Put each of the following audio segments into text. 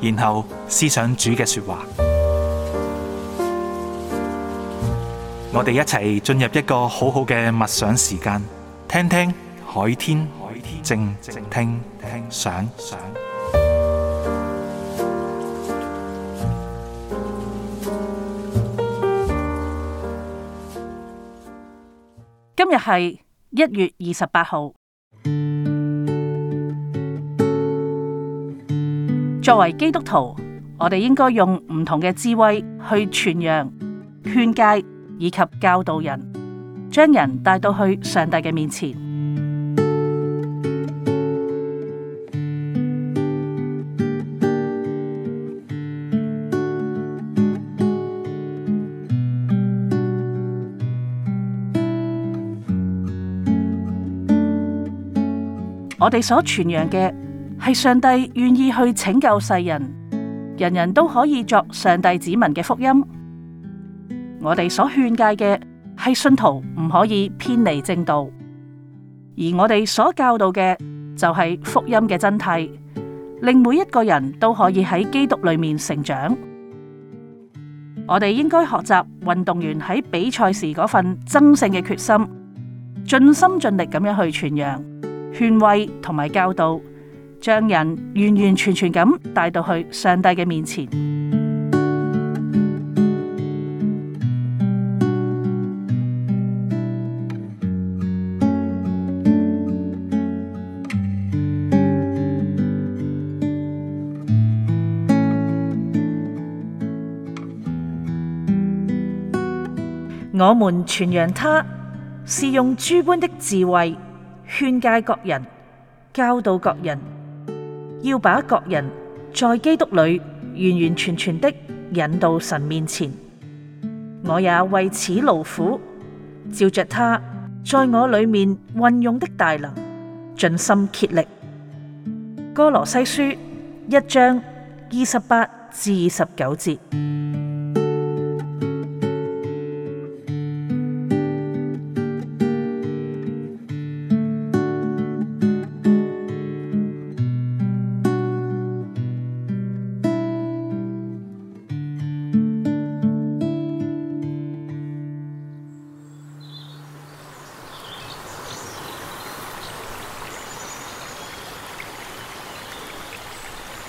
然後思想主嘅說話，我哋一齊進入一個好好嘅默想時間，聽聽海天靜靜聽想。今日係一月二十八號。作為基督徒，我哋應該用唔同嘅智慧去傳揚、勸誡以及教導人，將人帶到去上帝嘅面前。我哋所傳揚嘅。係上帝願意去拯救世人，人人都可以作上帝子民嘅福音。我哋所勸誡嘅係信徒唔可以偏離正道，而我哋所教導嘅就係福音嘅真諦，令每一個人都可以喺基督裏面成長。我哋應該學習運動員喺比賽時嗰份爭勝嘅決心，盡心盡力咁樣去傳揚、勸慰同埋教導。將人完完全全咁帶到去上帝嘅面前。 我們傳揚他是用諸般的智慧勸誡各人，教導各人。要把各人在基督裏完完全全的引到神面前，我也為此勞苦，照着他在我裏面運用的大能，盡心竭力。哥羅西書一章二十八至二十九節。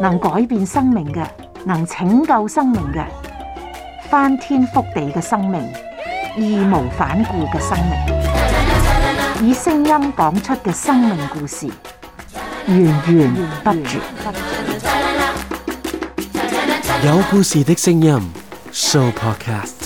能改變生命嘅，能拯救生命嘅，翻天覆地嘅生命，義無反顧嘅生命，以聲音講出嘅生命故事，源源不絕。有故事的聲音，Show Podcast。